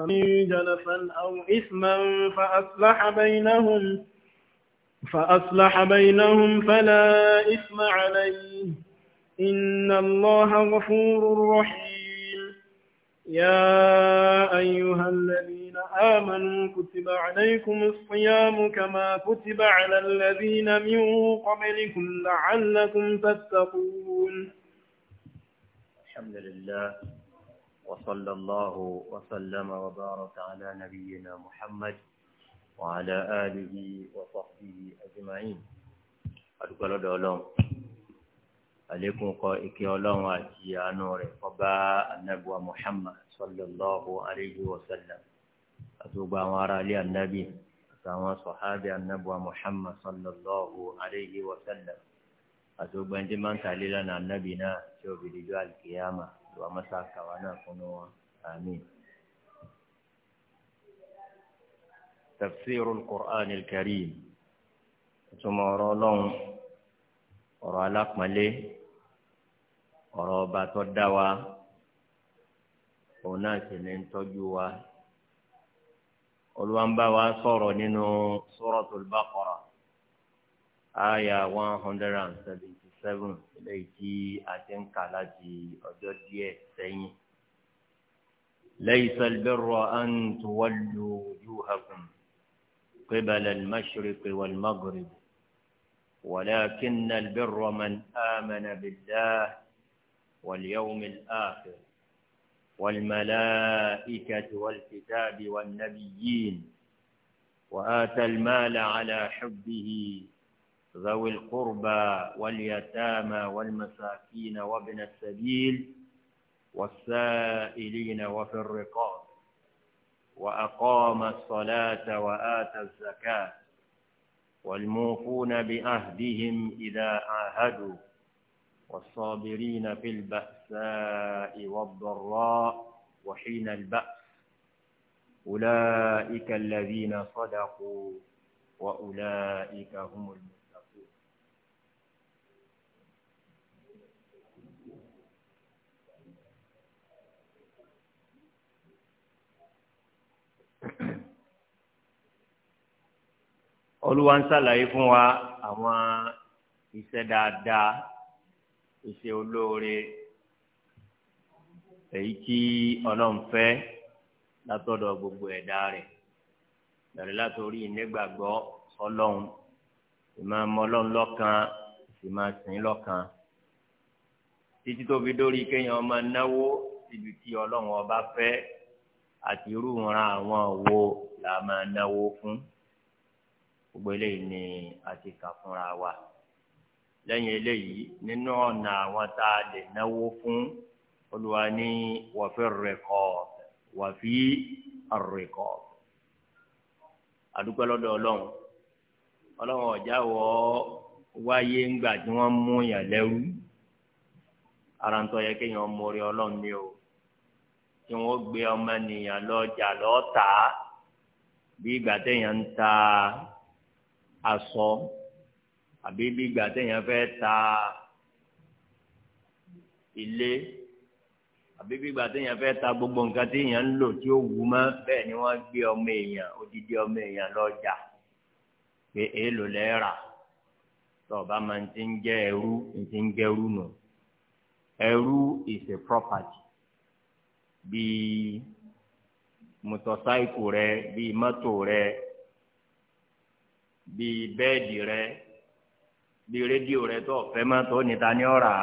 فمن جنفا أو إثما فأصلح بينهم فأصلح بينهم فلا إثم عليه إن الله غفور رحيم يا أيها الذين آمنوا كتب عليكم الصيام كما كتب على الذين من قبلكم لعلكم تتقون الحمد لله وصلى الله وسلم وبارك على نبينا محمد وعلى آله وصحبه أجمعين أدوك الله alekun kọ ìkẹ́ Ọlọ́run àti àánú rẹ̀ kọba anabiwa muhammad sallallahu alayhi wa sallam àtúgbò àwọn ará ilé anabi àtàwọn sọhábì anabiwa muhammad sallallahu alayhi wa sallam àtúgbò ẹni tí máa ń tàlé lánàá anabi náà tí ó fi dijọ́ alikiyama lọ́wọ́ mọ́sá kàwá náà fún wọn àmín. tafsirul qur'an al-karim ìtumọ̀ ọ̀rọ̀ ọlọ́run ọ̀rọ̀ alápọ̀nlé ọ̀rọ̀ ọba tó dá wa òun náà sì ní ń tọ́jú wa Olúwa ń bá wa sọ̀rọ̀ nínú suratul baqara aya one hundred and seventy seven eléyìí tí a ti ń kà láti ọjọ́ díẹ̀ sẹ́yìn. ليس البر أن تولوا وجوهكم قبل المشرق والمغرب ولكن البر من آمن بالله واليوم الآخر والملائكة والكتاب والنبيين وآتى المال على حبه ذوي القربى واليتامى والمساكين وابن السبيل والسائلين وفي الرقاب وأقام الصلاة وآتى الزكاة والموفون بعهدهم إذا عاهدوا والصابرين في البأساء والضراء وحين البأس أولئك الذين صدقوا وأولئك هم المؤمنون olúwa ń ṣàlàyé fún wa àwọn iṣẹ́ dáadáa iṣẹ́ olóore èyí tí ọlọ́run fẹ́ látọ̀dọ̀ gbogbo ẹ̀dá rẹ̀ bẹ̀rẹ̀ látòrí ìnígbàgbọ́ ọlọ́run ìmọ̀ ọlọ́run lọ́kan ìmọ̀ sìn lọ́kan títí tó fi dórí kéèyàn máa náwó síbi tí ọlọ́run ọba fẹ́ àti irú ìran àwọn wo la máa náwó fún gbogbo eléyìí ni a ti kà fúnra wa lẹ́yìn eléyìí nínú ọ̀nà àwọn tá a lè náwó fún olùwà ní wàfí rẹ̀kọ̀ wàfí rẹ̀kọ̀ àdúgbò ọlọ́run ọlọ́run ọ̀já wọ wáyé ńgbà tí wọ́n mú yàn lẹ́rú ara ń tọ́ yẹ tí wọ́n gbé ọmọ nìyàn lọ́jà lọ́tà bí ìgbà téèyàn ń ta aṣọ àbí bí ìgbà téèyàn fẹ́ ta ilé àbí bí ìgbà téèyàn fẹ́ ta gbogbo nǹkan téèyàn ń lò tí ó wù mọ́ bẹ́ẹ̀ ni wọ́n gbé ọmọ èèyàn odidi ọmọ èèyàn lọ́jà pé èèlò lẹ́ẹ̀rà tọ́ọ̀bá máa ń ti ń jẹ́ ẹrú ń ti ń jẹ́ ẹrú nù ẹrú is a property bíi mọtọsáìkù rẹ bíi mọ́tò rẹ bíi bẹ́ẹ̀dì rẹ bíi rédíò rẹ tó ọ̀fẹ́ mọ́tò níta ní ọ̀rà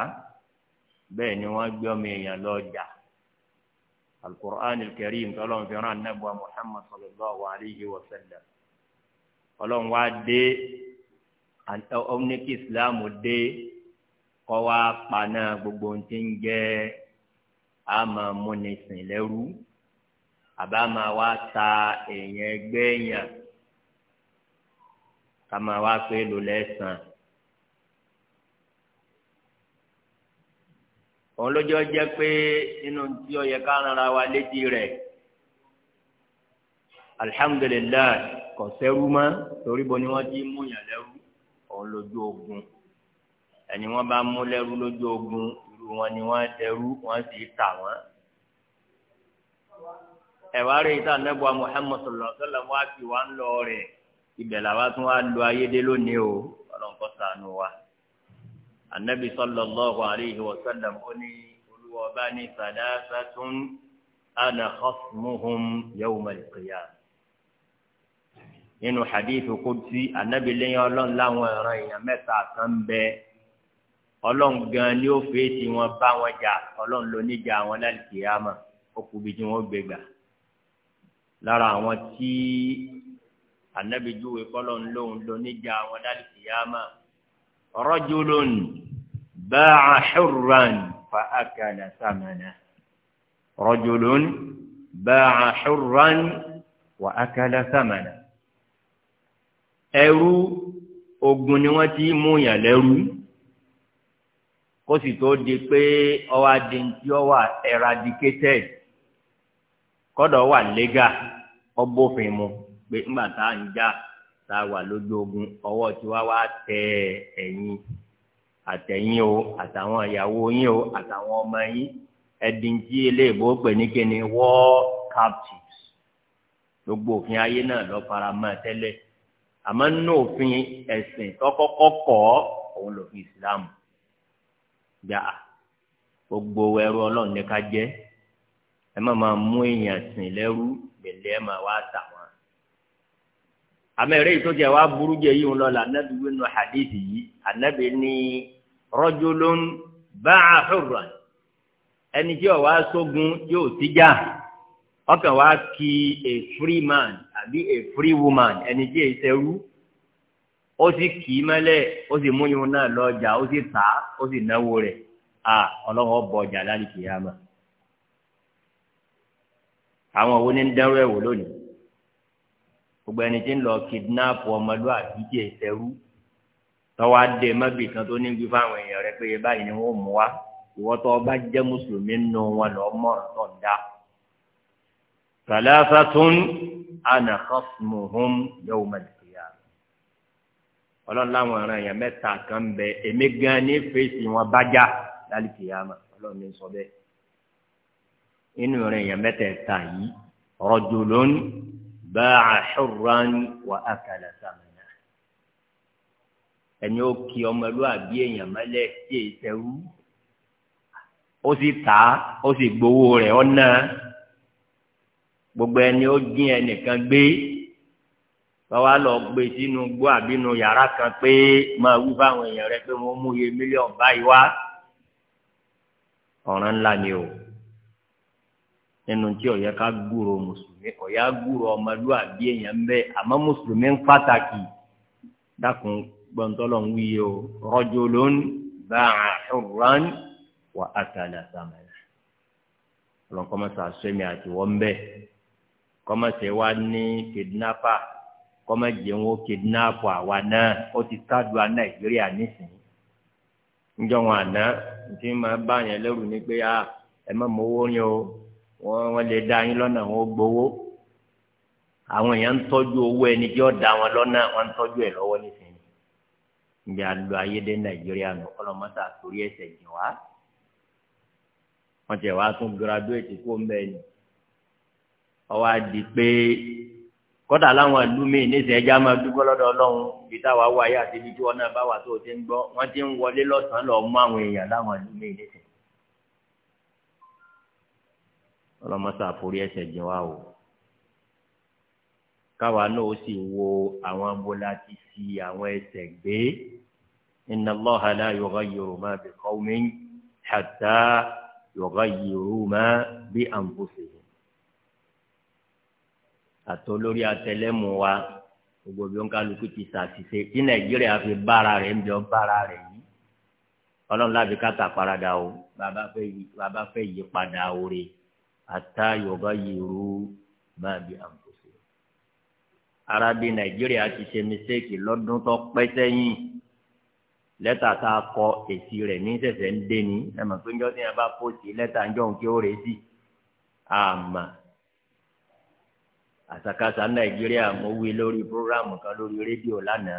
bẹ́ẹ̀ ni wọ́n gbé ọmọ èèyàn lọ alukur'an karim tọ́lọ́n fi ràn nàbọ̀ muhammad sallallahu alayhi wa sallam ọlọ́run wá dé ọ̀nìkì islam dé kọ́ wá pa gbogbo ohun ń jẹ́ a máa múni sìn lẹ́rú àbá máa wá ta èèyàn ẹgbẹ́ yàn ká máa wá pé lò lẹ́sàn. òun lójó jẹ́ pé nínú tí ó yẹ ká rárá wa létí rẹ̀ alihamudulilayi kò sẹ́rú mọ́ torí bo ni wọ́n ti mú yàn lẹ́rú òun lójú ogun ẹni wọ́n bá mú lẹ́rú lójú ogun wọn ni wọ́n dẹrú wọ́n sì tà wọ́n. ẹ̀wá rẹ̀ yìí tàn nẹ́bùa Muhammad sallallahu alaihi wasallam wá fi wá ń lọ rẹ̀ ibẹ̀ làwa tún wá lo ayédè lónìí o ọlọ́nkọ́ sànù wa. anabi sallallahu alaihi wasallam ó ní olúwa bá ní salasatun ana khasmuhum yawmal qiyamah nínú hadith qudsi anabi lẹ́yìn ọlọ́run láwọn ẹ̀rọ èèyàn mẹ́ta kan bẹ́ẹ̀ ọlọ́run gan ni ó fèé tí wọ́n bá wọn jà ọlọ́run ló níjà wọn láti kíyàmá ó kú bí tí wọ́n gbé gbà lára àwọn tí anábìjúwe kọ́lọ́run lóun ló níjà wọn láti kíyàmá rajulun ba'a hurran fa akala thamana rajulun ba'a hurran wa akala thamana ẹrú ogun ni wọ́n ti mú yàn lẹ́rú. kó sì tó di pé ọwọ́ adéǹtí ọwọ́ eradicated kọ́dọ̀ wà lẹ́gà ọgbófin mu pé ńgbà tá à ń já tá a wà lójú ogun ọwọ́ tí wá wá tẹ o àtàwọn ìyàwó yín o àtàwọn ọmọ yín ẹ̀dínkì eléèbó pè ní kíni war captives gbogbo òfin ayé náà lọ fara mọ́ tẹ́lẹ̀ àmọ́ nínú òfin ẹ̀sìn tọ́kọ́kọ́ kọ́ òun lòfin gbà á gbogbo ẹrú ọlọ́run ní ká jẹ́ ẹ má máa mú èèyàn sìn lẹ́rú gbẹ̀lẹ́ ẹ máa wá tà wọ́n. àmẹ́rẹ́ yìí tó jẹ́ wá burú jẹ́ yìí ń lọ la anábì wínú hadithi yìí anábì ní rajulun ba'a hurran ẹni tí ó wá sógun yóò tíjà ọkàn wá kí a free man àbí a free woman ẹni tí èyí ṣerú. ó sì kì í mẹ́lẹ̀ ó sì mú yun náà lọ́jà ó sì tà á ó sì náwó rẹ̀ à ọlọ́run ọ̀bọ̀ ọjà lálẹ́ ya àwọn awọn ní ń dẹ́rù ẹ̀ wò lónìí gbogbo ẹni tí ń lọ kidnap ọmọlúwàbí jẹ ìṣẹ́rú adé kan tó ní gbígbá àwọn èèyàn rẹ pé báyìí ni mú wa ìwọ́tọ́ ọba jẹ́ mùsùlùmí nù wọn lọ mọ̀ràn tó ń tún ọlọ́run láwọn ọ̀ràn èèyàn mẹ́ta kan bẹ èmi gan ní fèsì wọn bá já lálùkì yá ma ọlọ́run ní sọ bẹ́ẹ̀ inú ọ̀ràn èèyàn mẹ́tẹ̀ẹ̀ta yìí rajulun ba'a hurran wa akala samana ẹni ó kí ọmọlúwàbí èèyàn mọ́lẹ̀ tí èyí tẹ̀wú ó sì tà ó sì gbowó rẹ̀ ọ̀nà gbogbo ẹni ó dín ẹnìkan gbé báwa lọ gbé sínú gbó àbínú yàrá kan pé máa wí fáwọn èèyàn rẹ pé wọ́n mú iye mílíọ̀nù báyìí wá ọ̀ràn ńlá ni o nínú tí ó yẹ ká gbúrò mùsùlùmí ó gbúrò ọmọlúwàbí èèyàn ń bẹ àmọ́ mùsùlùmí ń pàtàkì dákun gbọ̀ntọ́lọ̀ ń wíyẹ o rajulun ba'a hurran wa akala samana ọlọ́n kọ́mọ́sà sẹ́mi àti wọ́n bẹ́ẹ̀ kọ́mọ́sẹ̀ wa ní kidnapper kọ́mẹ́jẹ wọn kidinap àwa náà ó ti kádùá nàìjíríà nísìnyí níjọ́ àná tí máa bá yẹn lẹ́rù ni pé a ah, ẹ má mowó o wọ́n wọ́n lè dá yín lọ́nà wọn ó gbowó àwọn èèyàn ń tọ́jú owó ẹni wọn lọ́nà wọn ń tọ́jú ẹ̀ lọ́wọ́ nísìnyí níbi àlọ́ ayédè nàìjíríà nù ọlọ́mọta torí ẹsẹ̀ jìn wá wọ́n wá tún kó ọwọ́ á di kọ́dà láwọn ìlú mi níṣẹ́ ẹja máa dúpẹ́ lọ́dọ̀ ọlọ́run ibi táwa wà yá àti ibi tí wọn náà bá wà tó o ti ń gbọ́ wọ́n ti ń wọlé lọ́sàn-án lọ mú àwọn èèyàn láwọn ìlú mi níṣẹ́. ọlọ́mọṣà forí ẹsẹ̀ jìn wá o káwa náà ó sì wo àwọn abola ti fi àwọn ẹsẹ̀ gbé inna Allaha la yughayyiru ma bi qawmin hatta yughayyiru ma bi anfusihim àti olórí àtẹlẹmù wa gbogbo bí wọn kálukú ti ṣàṣìṣe tí nàìjíríà fi bára rẹ̀ ń jọ bára rẹ̀ yìí ọlọ́run láti káta parada o bàbá fẹ́ yí bàbá fẹ́ yí padà oore ata yorùbá yìírú máa bí àǹkóso arabi nàìjíríà ti ṣe mistake lọ́dún tó pẹ́ sẹ́yìn lẹ́tà tá a kọ èsì rẹ̀ ní sẹ̀sẹ̀ ń dé ni ẹ̀ mọ̀ pé ń jọ́ sí yẹn bá pòsì lẹ́tà ń jọ̀ ń kí ó rèé sí àmà àṣàkáṣà nàìjíríà mo wí lórí programu kan lórí rédíò lánàá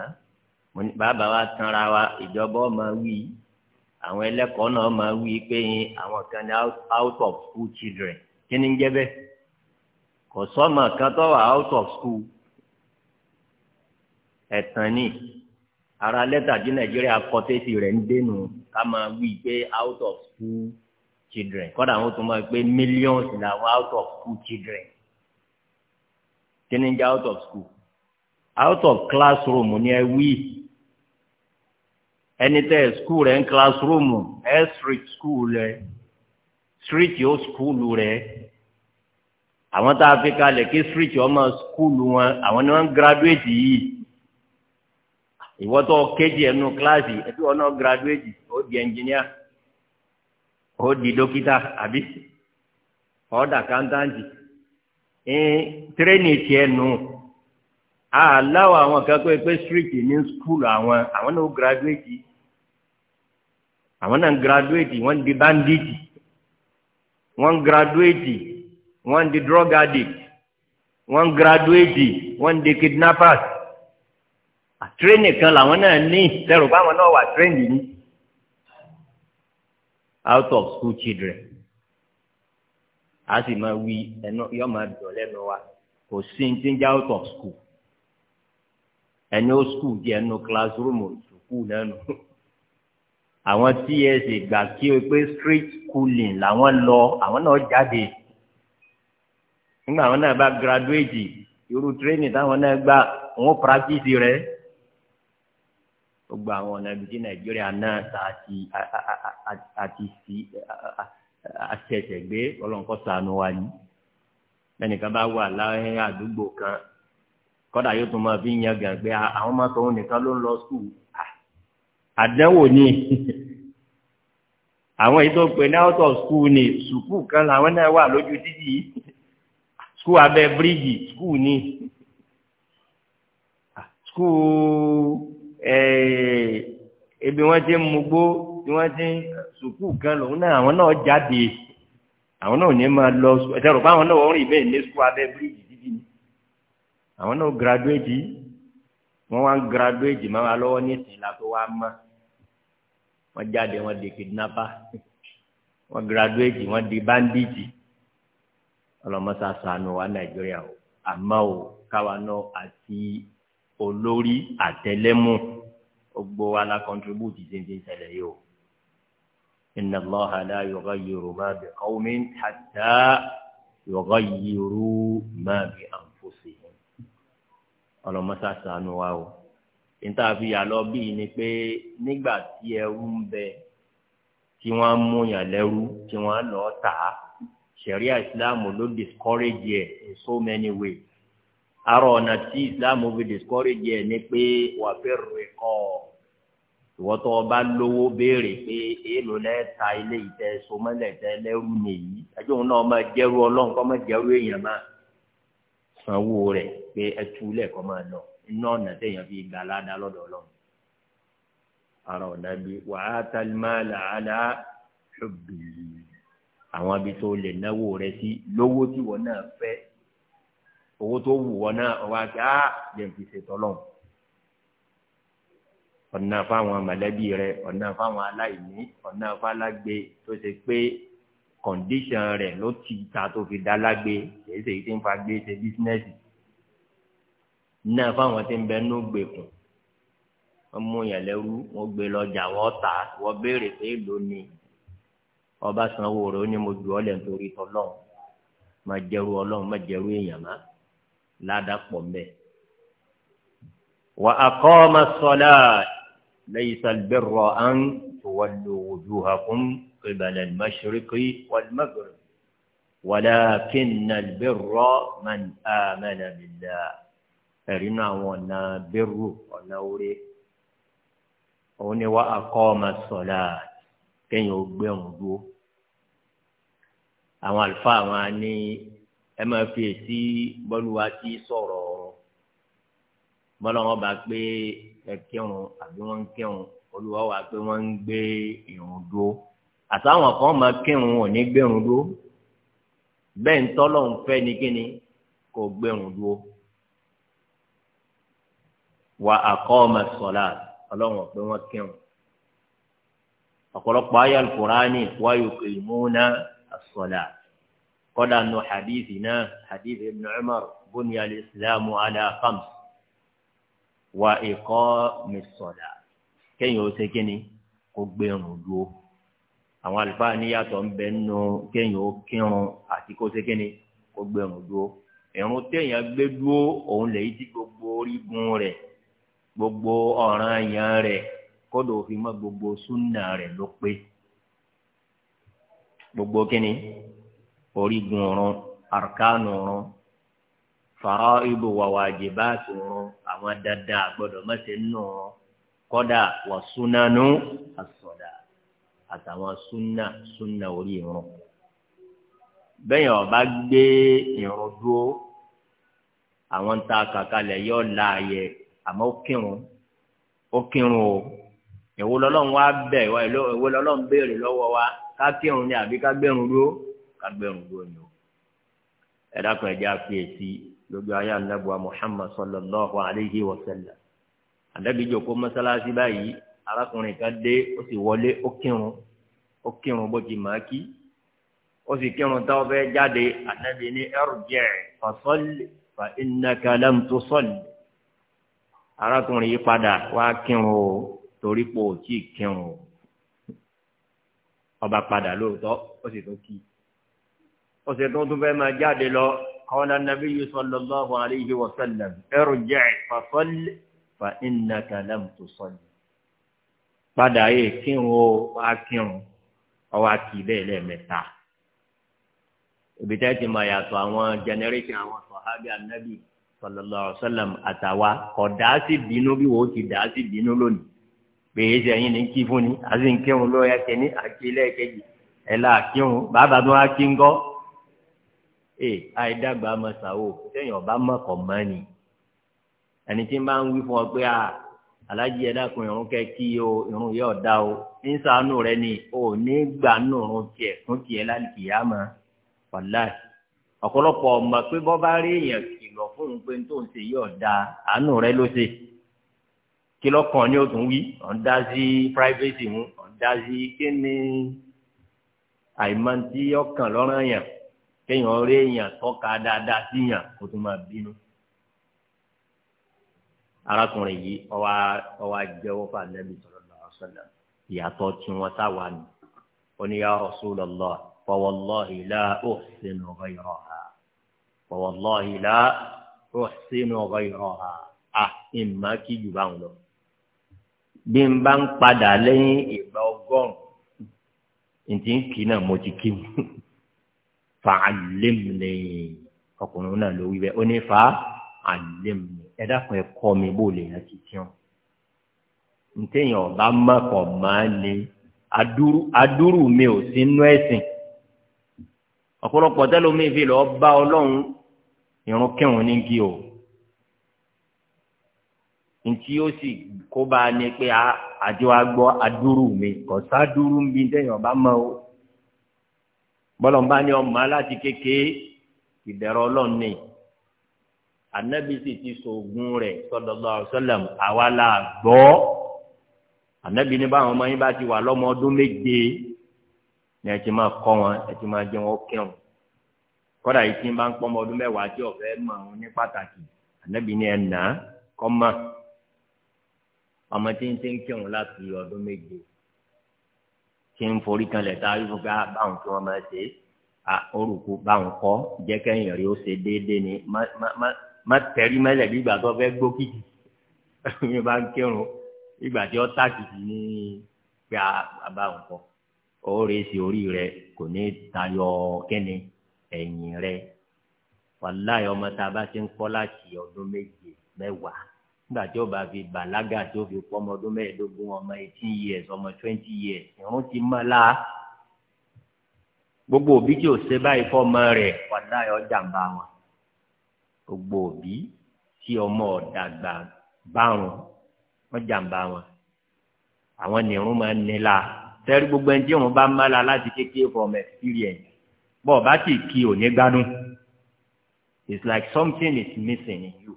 bàbá wa tanra wa ìjọba ọmọ wí àwọn ẹlẹ́kọ̀ọ́ náà máa wí pé àwọn kan ní out of school children kí ni ń jẹ́ bẹ́ẹ̀ kò sọ́mọ kan tó wà out of school ẹ̀tàn ni ara lẹ́tà tí nàìjíríà kọ́tẹ́sì rẹ̀ ń dénú ká máa wí pé out of school children kọ́dà àwọn tó máa pé millions làwọn out of school children kíni ń jẹ out of school out of classroom ni ẹ wí ẹni tẹ school rẹ ń classroom ẹ street school rẹ street yóò school rẹ àwọn tá a fi kalẹ̀ kí street ọmọ school wọn àwọn ni wọ́n graduate yìí ìwọ́tọ̀ kéjì ẹnu kíláàsì ẹbí wọn náà graduate ó di engineer ó di dókítà àbí ó di accountant tírénì tiẹ̀ nù aláwọ̀ àwọn kan pé pé street ní skul àwọn àwọn náà graduate àwọn náà graduate wọ́n di bandit wọ́n graduate wọ́n di drug addict wọ́n graduate wọ́n di kidnappers àtírẹ́nì kan làwọn náà ní tẹ̀rù báwọn náà wà tírẹ́nì ní out of school children a sì máa wí ẹnu yọ máa dùn lẹ́nu wa kò sí ní ti ń já out of school ẹni ó school di ẹnu classroom sùkúù lẹ́nu àwọn tí ẹ sì gbà kí o pé street schooling làwọn lọ àwọn náà jáde nígbà àwọn náà bá graduate irú training táwọn náà gbà wọn practice rẹ gbogbo àwọn ọ̀nà ibi tí nàìjíríà náà ta àti àti sí àti ẹ̀sẹ̀ gbé ọlọ́nkọ́ sànù wa ni ẹnìkan bá wà láàrin àdúgbò kan kọ́dà yóò tún máa fi yan gàgbé ah, àwọn ọmọ tòun nìkan ló ń lọ skul ah, àdánwò ni àwọn èyí tó ń pè ní out of school ni sùkúù kan làwọn náà wà lójú títì skul abẹ bíríìjì skul ni skul ẹ̀ẹ́ ebi wọ́n ti ń mugbó tí wọ́n ti sùkú kan lòun náà àwọn náà jáde àwọn náà ò ní máa lọ ẹ̀tẹ́ rò pé àwọn náà wọ́n rìn bẹ́ẹ̀ ní sùkú abẹ́ bíríìjì dídì ni àwọn náà gradúwéjì wọ́n wá ń gradúwéjì máa wá lọ́wọ́ ní ìsìn la tó wá mọ́ wọ́n jáde wọ́n di kidnapper wọ́n gradúwéjì wọ́n di bandits ọlọ́mọṣà sànù wa nàìjíríà o àmọ́ o káwa àti olórí àtẹlẹ́mù gbogbo wa la contribute ṣe ń ṣe ń ṣẹlẹ̀ yìí o inna الله لا يغير ما بقوم حتى يغيروا ما ma bi anfusihim ọlọmọsá sànù wa o níta fi yà lọ bíi ni pé nígbà tí ẹrú ń bẹ tí wọ́n mú yàn lẹ́rú tí wọ́n lọ tà á ṣẹ̀ríà ìsìláàmù ló discourage ẹ̀ in so many ways àrò ọ̀nà tí ìsìláàmù fi discourage ẹ̀ ni pé wà fẹ́ rẹ̀ kọ́ ọ ìwọ́tọ̀ ọba lówó béèrè pé èèlò lẹ́ẹ̀ta ilé ìtẹ́ sọmọlẹ̀ tẹ́ lẹ́rú nìyí ẹjọ́ òun náà máa jẹ́rú ọlọ́run kọ́ máa jẹ́rú èèyàn máa sanwó rẹ̀ pé ẹtú lẹ́ẹ̀kọ́ máa lọ iná ọ̀nà téèyàn fi gbà ládàá lọ́dọ̀ ọlọ́run. ara ọ̀nà bí wàá tálímà làálà ṣùgbì àwọn ibi tó lè náwó rẹ̀ sí lówó tí wọ́n náà fẹ́ owó tó wù wọ́n náà ọwọ́ ọ̀nà fáwọn mọ̀lẹ́bí rẹ ọ̀nà fáwọn aláìní ọ̀nà fálágbé tó ṣe pé kọ̀ǹdíṣàn rẹ̀ ló ti ta tó fi dá lágbé èyí ṣèyí tí ń fa gbé ṣe bísínẹ́sì ọ̀nà fáwọn tí ń bẹ ní ògbèkùn wọ́n mú yàn lẹ́rú wọ́n gbé lọ́jà wọ́n tà wọ́n béèrè pé èlò ni ọba sanwó rẹ̀ ó ní mo jù ọ́ lẹ̀ nítorí tọ́lọ́run má jẹ́rú ọlọ́run má jẹ́rú èèyàn má ládàpọ̀ mẹ́. wà á kọ́ ọmọ sọ́lá laysa al-birra an tuwallu wujuhakum qibala al-mashriqi wal-maghrib walakinna al-birra man amana billah ẹ̀rínú àwọn ọ̀nà bẹ́rù ọ̀nà orí òun ni wọ́n akọ́ ọmọ sọ̀lá kéèyàn ó gbé òun dúró àwọn àlùfáà wọn ní ẹ máa fi èsì bọ́lúwa tí sọ̀rọ̀ bọ́lá wọn bá pé ẹ kírun àbí wọ́n ń kírun olúwa wà pé wọ́n ń gbé ìrun dúró àtàwọn kan máa kírun ò ní gbẹ̀rún dúró bẹ́ẹ̀ ń tọ́lọ̀ ń fẹ́ ni kíni kò gbẹ̀rún dúró wà àkọ́ ọmọ sọ̀lá ọlọ́run pé wọ́n kírun ọ̀pọ̀lọpọ̀ ayé alukurani wáyé kìlìmúnà sọ̀lá kọ́dà nù hadithi náà hadithi ibn umar bóni alẹ́ islámù alẹ́ wa ikọ mẹsọ̀dà kéèyàn ó ṣe kíni kó gbẹrun dúró àwọn àlùfáà níyàtọ̀ ń bẹ nínú kéèyàn ó kírun àti kó ṣe kíni kó gbẹrun dúró ìrun téèyàn gbé òun lèyí ti gbogbo orígun rẹ gbogbo ọ̀ràn rẹ kódò gbogbo súnà ló pé gbogbo kíni orígun ọ̀run faraidu wa wajibatu àwọn dáadáa gbọ́dọ̀ mẹsẹ nù kódà wà súnánú àsọdà àtàwọn súnà súnà orí irun bẹ́ẹ̀ ọba gbé irun dúró àwọn ń ta kàkálẹ̀ yóò la ààyè àmọ́ ó kírun ó kírun o ìwo lọ́lọ́run wá bẹ̀ ìwo lọ́lọ́run béèrè lọ́wọ́ wa ká kírun ni àbí ká gbẹ̀rún dúró ká gbẹ̀rún dúró ni o ẹ dákun ẹ jẹ́ àfiyèsí lójú ayé anabuwa muhammad sallallahu alayhi wa sallam anabi jòkó masalasi báyìí arákùnrin kan dé ó sì wọlé ó kírun ó kírun bó ti máa kí ó sì kírun táwọn fẹ́ jáde anabi ní ẹrùjẹ fasalli fa innaka lam tusalli arákùnrin yìí padà wá kírun o torí pé ò tí kírun o ọba padà lóòótọ́ ó sì tún kí ó sì tún tún fẹ́ máa jáde lọ. قال النبي صلى الله عليه وسلم ارجع فصل فإنك لم تصل padà yìí kírun ó wá kírun ọwọ́ àti bẹ́ẹ̀ lẹ́ẹ̀mẹ́ta ibi tẹ́ ti máa yàtọ̀ àwọn jẹnẹrẹ́tì àwọn sọ̀hábì ànábì sallallahu alaihi wasallam àtàwa kọ̀ dá sí bínú bí wò ó ti dá sí bínú lónìí pé èyí ṣe ẹ̀yin ní kí fún ni àti ń kírun lọ́ọ́ yẹ kẹ́ni àti ilé ẹ̀kẹ́jì ẹ̀ là kírun bàbá tó wá kí ń gọ́ ee àìdàgbà mọ̀sáwò sẹ́yìn ọba mọ̀kọ̀ mọ́ni ẹni tí ń bá ń wí fún ọ pé a alájí ẹ dákun irun kẹ kí o irun yẹ ọ̀dà o ń sànù rẹ ni o ní gbà nùrùn tiẹ̀ fún tiẹ̀ láti yá mọ́ ọ̀la ọ̀pọ̀lọpọ̀ ọmọ pé bọ́ bá rí èèyàn kìlọ̀ fún un pé tó ń ṣe yẹ ọ̀dà àánú rẹ ló ṣe kìlọ̀ kan ni ó tún wí ọ̀n dá sí privacy mu ọ̀n dá sí kí ni àìmọ̀ tí ọkàn lọ́rọ̀ yẹn kéèyàn rí èèyàn tọ́ka dáadáa síyàn kó tó máa bínú. arákùnrin yìí ọwá ọwá jẹ́wọ́ fún anabi sallallahu alaihi wasallam ìyàtọ̀ tí wọ́n sáwà nù ó ní ya Rasulullah fa wallahi la uhsinu ghayraha fa wallahi la uhsinu ghayraha à ìmọ̀ kí jù bá ń lọ. bí n bá ń padà lẹ́yìn ìgbà ọgọ́rùn-ún ntí ń kì náà mo ti kí mu fa'allimni ọkùnrin náà ló wí bẹ́ẹ̀ ó ní fa'allimni ẹ dákun ẹ kọ́ mi bó lè yàn títí hàn ntẹ̀yìn ọba mọ̀kọ̀ máa ní adúrú adúrú mi ò sí nú ẹ̀sìn ọ̀pọ̀lọpọ̀ tẹ́lómi fi lọ́ọ́ bá ọlọ́run irun kírun ní kí o ntí ó sì kó bá a ní pé àjọ agbọ́ adúrú mi kò sá dúrú mi ntẹ̀yìn ọba mọ̀ o bọ́lọ̀mbá ni ọmọ aláti kékeré ìdẹ̀rọ ọlọ́run ni anabi sì ti sògùn rẹ̀ sallallahu alaihi wasallam àwa la gbọ́ anabi ní báwọn ọmọ yín bá ti wà lọ́mọ ọdún méje ni ẹ ti máa kọ́ wọn ẹ ti máa jẹ wọn kírun kọ́dà yìí tí ń bá ń pọ́nmọ ọdún mẹ́wàá tí ọ̀fẹ́ mọ̀ ọ́n ní pàtàkì anabi ní ẹ nà á ọmọ tí ń ti ń kírun láti ọdún méje tí ń forí kanlẹ̀ tá a yóò gbá ah, báwọn kí wọ́n máa ṣe à orúkú báwọn kọ́ jẹ́ kẹ́yìn rí ó ṣe déédéé ni má tẹ̀rí mẹ́lẹ̀ bí ìgbà tó fẹ́ gbó kìkì mi bá ń kírun ìgbà tí ó tà kìkì ní gbà ah, báwọn kọ́ ó rèé sí orí rẹ kò ní tayọ kẹ́ni ẹ̀yìn rẹ wàláyọ̀ ọmọ tá a bá ti ń kọ́ láti ọdún méje mẹ́wàá nígbà tí ó bá fi bàlágà tí ó fi pọ́ ọmọ ọdún mẹ́ẹ̀ẹ́dógún ọmọ eighteen years ọmọ twenty years ìrún ti mọ́ la gbogbo òbí tí ò ṣe báyìí fọmọ rẹ̀ wàlá ẹ̀ ọjà ń bá wọn gbogbo òbí tí ọmọ ọ̀dàgbà bárùn wọn jàǹbá wọn àwọn nìrún máa ń nílà tẹ́rí gbogbo ẹni tí òun bá má la láti kékeré from experience bọ́ ọ bá sì kí òní gbádùn it's like something is missing in you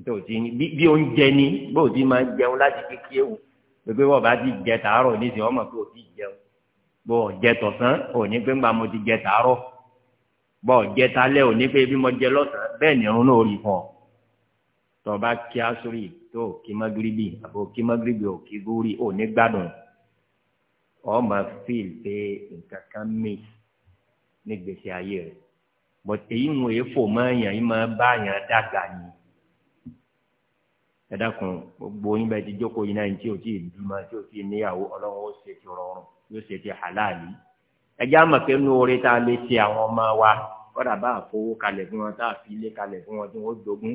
ntòtí bí oúnjẹ ni bóòtí máa ń jẹun láti kékeré wò gbogbo wọn bá ti jẹ tàárọ̀ nísìnyí ọmọ pé o ti jẹun bọ jẹ tọ̀sán òní pé ńgbà mo ti jẹ tàárọ̀ bọ jẹ talẹ́ òní pé bí mo jẹ lọ́sàn bẹ́ẹ̀ ni irun náà rí fún ọ tọba kí asúrì tó kí magiribi àbò kí magiribi ò kí gúrí òní gbádùn ọmọ fíìl pé nǹkan kan mí nígbèsè ayé rẹ bọ èyí ń wòye fò yìí máa bá èèyàn dàgbà yìí ẹ dákun gbogbo yín bẹ́ẹ̀ ti jókòó yín náà tí o ti bímọ tí o ti níyàwó ọlọ́run ó ṣe ti rọrùn yóò ṣe ti halali ẹjẹ́ àmọ̀kẹ́ nu oore tá a lè ṣe àwọn ọmọ wa kọ́dà bá àfowó kalẹ̀ fún wọn tá a fi ilé kalẹ̀ fún wọn tí wọ́n jogún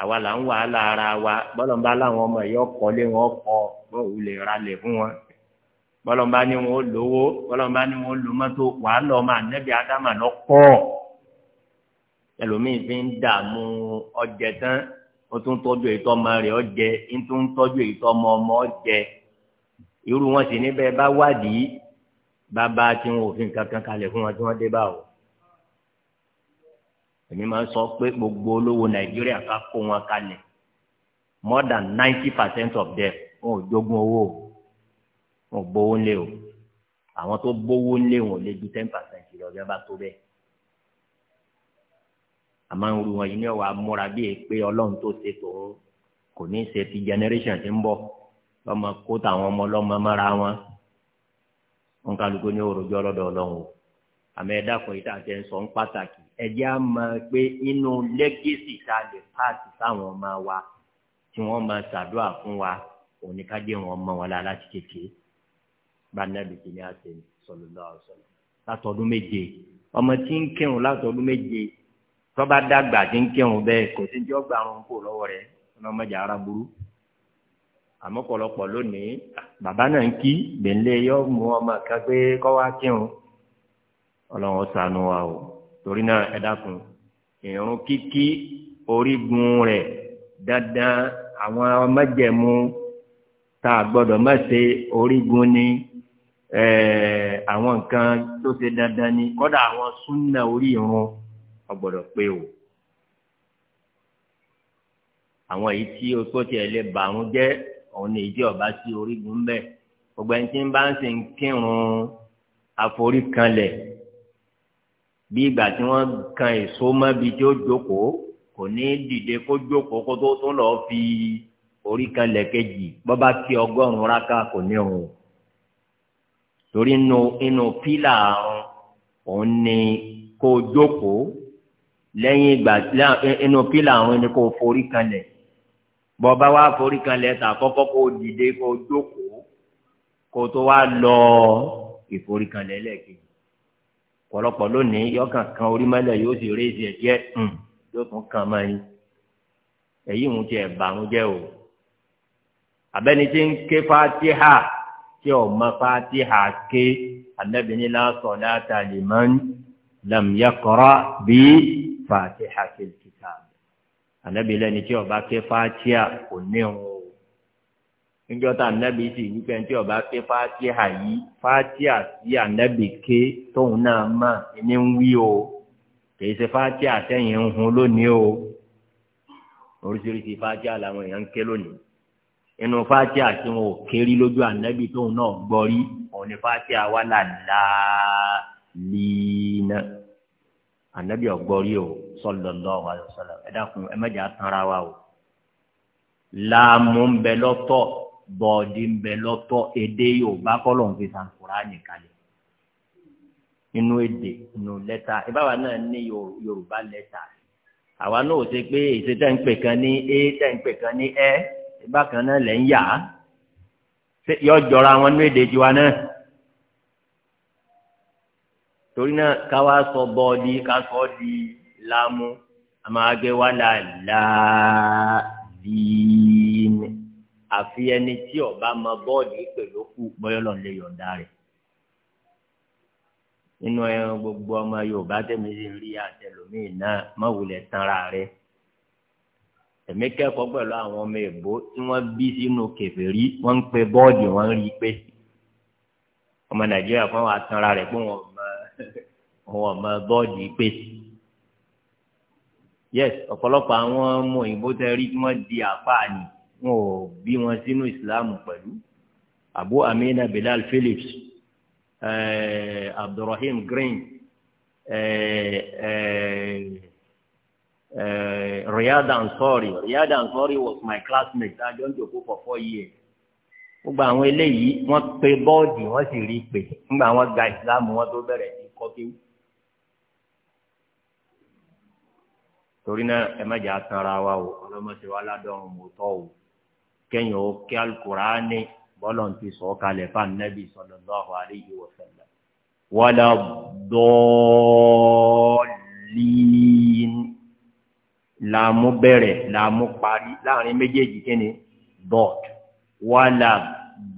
àwa là ń wàhálà ara wa bọ́lọ̀mbá láwọn ọmọ yìí ọkọ̀lé wọn kọ bọ́ọ̀hù lè ralẹ̀ fún wọn bọ́lọ̀mbá ni wọn lówó bọ́lọ̀mbá ni wọn ó lo mọ́tò wàhálà ọmọ ànẹ́bí ádámà lọ́kọ́ ẹlòmíín fi ń dààmú ọjẹ tán ó tún tọ́jú èyí tó ọmọ rẹ̀ ọ jẹ ń tún tọ́jú èyí tó ọmọ ọmọ ọ jẹ irú wọn sì níbẹ̀ bá wádìí bàbá tí wọn ò fi nǹkan kalẹ̀ fún wọn tí wọ́n dé bá o èmi máa ń sọ pé gbogbo olówó nàìjíríà ká kó wọn kalẹ̀ more than ninety percent of them wọn ò jogún owó wọn ò gbowó ńlẹ̀ o àwọn tó gbowó ńlẹ̀ wọn ò lè ju ten percent lọ bí wọn bá tó bẹ́ẹ̀ àmọ́ irú wọn yìí ni wàá múra bí i pé ọlọ́run tó ṣe tòun kò ní ṣe ti generation ti ń bọ̀ lọ́mọ kó tàwọn ọmọ ọlọ́mọ mọ́ra wọn wọn kálukú ní òròjọ́ lọ́dọ̀ ọlọ́run o àmọ́ ẹ dákun yìí tàbí ẹ ń sọ ń pàtàkì ẹ á máa pé inú lẹ́gẹ́sì tá a lè pààtì sáwọn ọmọ wa tí wọ́n máa ṣàdúrà fún wa òun ni ká jẹ́ wọn mọ wọn lára láti kékeré bá nàbì kí ni a ṣe sọlọ́lọ́ sọlọ́ látọdún méje ọmọ tí ń kírun látọdún méje tọ́ba dàgbà tí ń kírun bẹ́ẹ̀ kò sí jọ́ gba àrùn kò lọ́wọ́ rẹ̀ ọlọ́mọdé ara burú àmọ́ pọ̀lọpọ̀ lónìí bàbá náà ń kí gbẹ̀ǹlẹ̀ yọ mú ọmọ kan pé kọ́ wá kírun ọlọ́run ṣàánú wa o torí náà ẹ dákun ìrun kíkí orígun rẹ̀ dandan àwọn ọmọjẹ̀mú tá a gbọ́dọ̀ má ṣe orígun ni àwọn nǹkan tó ṣe dandan ni kọ́dà àwọn súnà orí ìrun ọgbọ́dọ̀ pé o àwọn èyí tí o tó tiẹ̀ lè bàrún jẹ́ òun ni ìdí ọba sí orígun ń bẹ gbogbo ẹni tí ń bá ń sìn kírun àforíkanlẹ̀ bí ìgbà tí wọ́n kan èso mọ́bi tí ó jókòó kò ní dìde kó jókòó kó tó tún lọ́ọ́ fi orí kan lẹ́kẹ̀jì bọ́bá kí ọgọ́rùn-ún rákà kò ní òun torí inú pílà òun ni kó jókòó lẹ́yìn ìgbà inú pílà àwọn ẹni kò forí kanlẹ̀ bọ́ bá wá forí kanlẹ̀ tà kọ́kọ́ kó dìde kó jókòó kó tó wá lọ ìforí kanlẹ̀ lẹ́ẹ̀kejì pọ̀lọpọ̀ lónìí yọkàn kan orí mẹ́lẹ̀ yóò sì rí ìsì ẹ̀jẹ̀ yóò tún kàn máa yín èyí ń tiẹ̀ bà ń jẹ́ o abẹ́ni tí ń ké fatiha tí ò mọ fatiha ké alẹ́bìnrin lásán látàlímọ́ lam yaqra bíi fatihatil kitab ànábì lẹ́ni tí ó bá ké fatiha kò ní òun o níjọ́ tá ànábì sì wípé tí ó bá ké fatiha yìí fatiha sí ànábì ké tóun náà mọ̀ ní ń wí o kìí ṣe fatiha sẹ́yìn ń hun lónìí o oríṣiríṣi fatiha làwọn èèyàn ń ké lónìí inú fatiha tí wọn ò kéré lójú ànábì tóun náà gbọ́ òun ni fatiha wà láàlá lìínà ànábì ọgbọrí o sallallahu alaihi wasallam ẹ dákun ẹ mẹjọ atanra wa o láàmú ń bẹ lọ́tọ̀ bọọdì ń bẹ lọ́tọ̀ èdè Yorùbá kọlọ ń fi sankura nìkalẹ inú èdè inú lẹ́tà ìbáwa náà ní Yorùbá lẹ́tà àwa náà ò ṣe pé èsì tẹ̀ ń pè kan ní e tẹ̀ ń pè kan ní ẹ ìbákan náà lẹ́ ń yà wọn ní èdè tiwa náà torí náà káwá sọ bọ́ọ̀dì ká sọ di láàmú àmàgbé wa là láàdín àfi ẹni tí ọba mọ bọ́ọ̀dì pẹ̀lú kú bọ́yọ̀lọ̀ lè yọ̀ǹda rẹ̀ nínú ẹran gbogbo ọmọ Yorùbá tẹ̀mí sì rí àtẹlómìn náà mọ̀wulẹ̀ tanra rẹ̀ èmi kẹ́kọ̀ọ́ pẹ̀lú àwọn ọmọ èbó tí wọ́n bí sínú kèfèrí wọ́n ń pe bọ́ọ̀dì wọ́n ń rí pé ọmọ Nàìjíríà fún wa tanra rẹ̀ pé wọ́n òun ọmọ bọ́ọ̀dì pèsè yes ọ̀pọ̀lọpọ̀ àwọn ọmọ òyìnbó tẹ rí tí wọ́n di àfáà ni wọn ò bí wọn sínú ìsìláàmù pẹ̀lú abu amina bilal phillips eh, abdulrahim green eh, eh, eh, riyad ansori riyad ansori was my classmate ajọ ń jòkó for four years gbogbo àwọn eléyìí wọ́n pe bọ́ọ̀dì wọ́n sì rí i pé nígbà wọ́n gba ìsìláàmù wọ́n tó bẹ̀rẹ̀ sí kọ́ kéwú. torí náà ẹ má jà tanra wa o ọlọ́mọṣẹ wa ládọ́run mò tọ́ o kẹ́yìn o kí alukuraani bọ́lọ̀ ń ti sọ̀ kalẹ̀ fún anabi sallallahu alaihi wa sallam wala dọ́ọ̀lìn làmú bẹ̀rẹ̀ làmú parí láàrin méjèèjì kí ni dọ́ọ̀t wala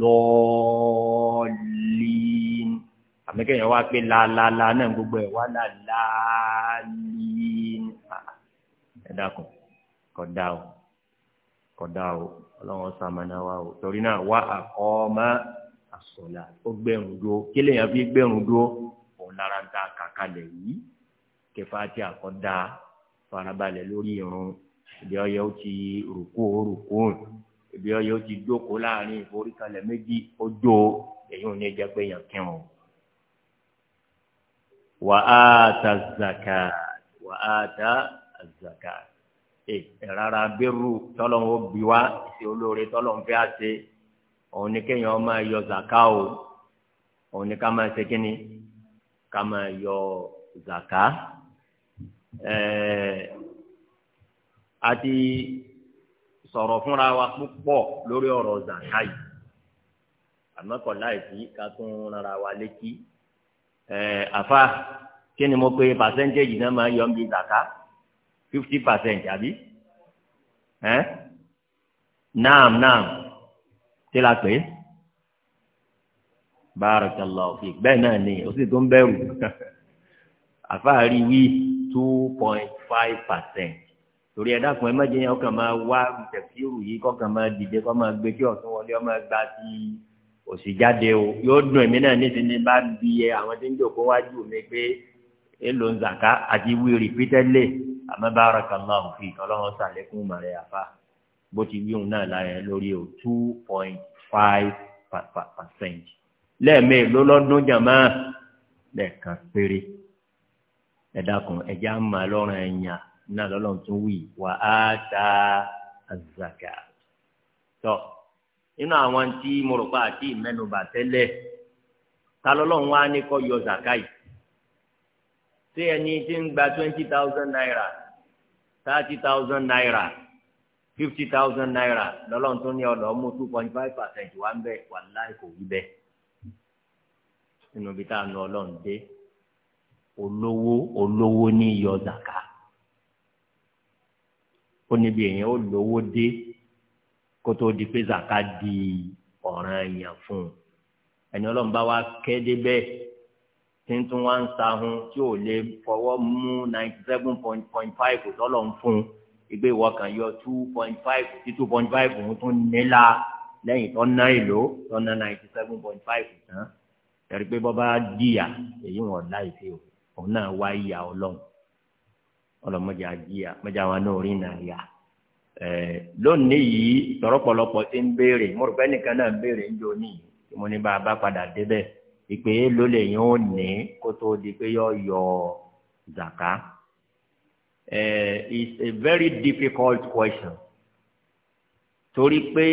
dọ́ọ̀lìn àmì kẹ́yìn wá pé láàláàlá náà gbogbo ẹ̀ wá láàláàlí ẹ dákun kọ̀dá o kọ̀dá o ọlọ́run sàmánà wa o torí náà wá àkọ́ọ́mọ́ àsọ̀là ó gbẹ̀rún dúró kílẹ̀ yẹn fi gbẹ̀rún dúró òun lára ń ta kàkálẹ̀ yìí kẹfàtì àkọ́dá farabalẹ̀ lórí irun ibi ọyọ ti rùkú rùkú ibi ọyọ ti jókòó láàrin ìforíkalẹ̀ méjì ó jó èyí ò ní jẹ́ pé yàn kírun wà á ta zaka wà á ta zaka ẹ e, rárá bẹ́rù tọ́lọ́wọ́ bí wá ṣe olóore tọ́lọ́wọ́ fẹ́ àṣẹ òun ni kéèyàn máa yọ zaka o òun ni ká máa ṣe kínní ká máa yọ zaka àti sọ̀rọ̀ fúnra wa púpọ̀ lórí ọ̀rọ̀ zaka yìí àmọ́ kọ̀ ká tún rárá wa létí ẹ eh, àfa kí ni mo pe percentage náà máa yọ bí zaka fifty percent àbí ẹ eh? naam naam tí la pè é barakallahu fi bẹ́ẹ̀ náà ni o sì tó ń bẹ̀rù àfa rí wí two point five percent torí ẹ̀dá kan ẹ má jẹ́ yẹn ọkàn máa wá tẹ̀síìrù yìí kọ́kàn máa dìde kọ́ máa gbé tí ọ̀tún wọlé ọ máa gba ti kò sì jáde o yóò dùn èmi náà níbi ní bá bi ẹ àwọn tí ń jòkó wájú mi pé èlò ń zàká àti wí rìpítẹ́lẹ̀ àmọ́ barakallahu fi ọlọ́run sàlékún mọ̀rẹ́ àfa bó ti wí òun náà lára lórí o two point five percent lẹ́ẹ̀mejì ló lọ́dún jàmá lẹ́ẹ̀kan péré ẹ dákun ẹ̀já ń ma lọ́rùn ẹ̀yà náà lọ́lọ́run tún wí wà á ta àzàkà tọ́. So, nínú àwọn tí mo rò pé àti ìmẹ́nubà tẹ́lẹ̀ ta lọ́lọ́run wá ní kọ́ yọ zakai ṣé ẹni tí ń gba twenty thousand naira thirty thousand naira fifty thousand naira lọ́lọ́run tó ní ọ̀dọ̀ mú two point five percent wá ń bẹ̀ wàláì kò wí bẹ́ẹ̀ nínú ibi tá a nu ọlọ́run dé olówó olówó ní yọ zaka ó níbi èèyàn ó lówó dé kó tó di pé zaka di ọ̀ràn èèyàn fún un ẹni ọlọ́run bá wa kéde bẹ́ẹ̀ tí ń tún wá ń sahun tí ò lè fọwọ́ mú ninety seven point point five tọ́lọ̀ ń fún un ìgbé ìwọ kan yọ two point five sí two point five òun tún nílá lẹ́yìn tó ná èlò tó ná ninety seven point five tán ẹ̀rí pé bọ́ bá jìyà èyí wọn láì fi òun náà wá ìyà ọlọ́run ọlọ́mọdé àjíyà mọ́jà wa náà rí nàá yà. Eh, lónìí yìí tọ̀rọ̀pọ̀lọpọ̀ ti ń béèrè mo rò pé nìkan náà ń béèrè ń jò ní tí mo ní bá a bá padà débẹ̀ ìpè ló lè yín ó ní kó tó di pé yọ yọ zaka eh, it's a very difficult question torí pé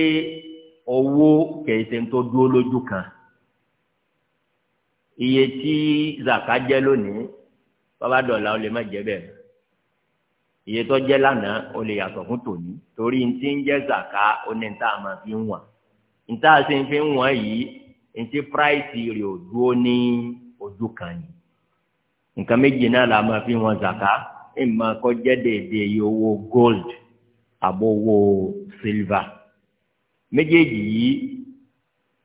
owó kìí ṣe tó dúró lójú kan iye tí zaka jẹ́ lónìí bàbá dọ̀là ó lè má jẹ́ bẹ́ẹ̀ iye tó jẹ́ lánàá o lè yàtọ̀ fún tòní torí n ti ń jẹ́ zaka o ní ta ma fi ń wọ̀n n ta sì ń fi ń wọ̀n yìí n ti fúráìsì rẹ̀ ò dúró ní ojú kan yìí nǹkan méjì náà la ma fi ń wọ̀n zaka ìmọ̀ kó jẹ́ déédéé iye owó gold àbọ̀ owó silver méjèèjì yìí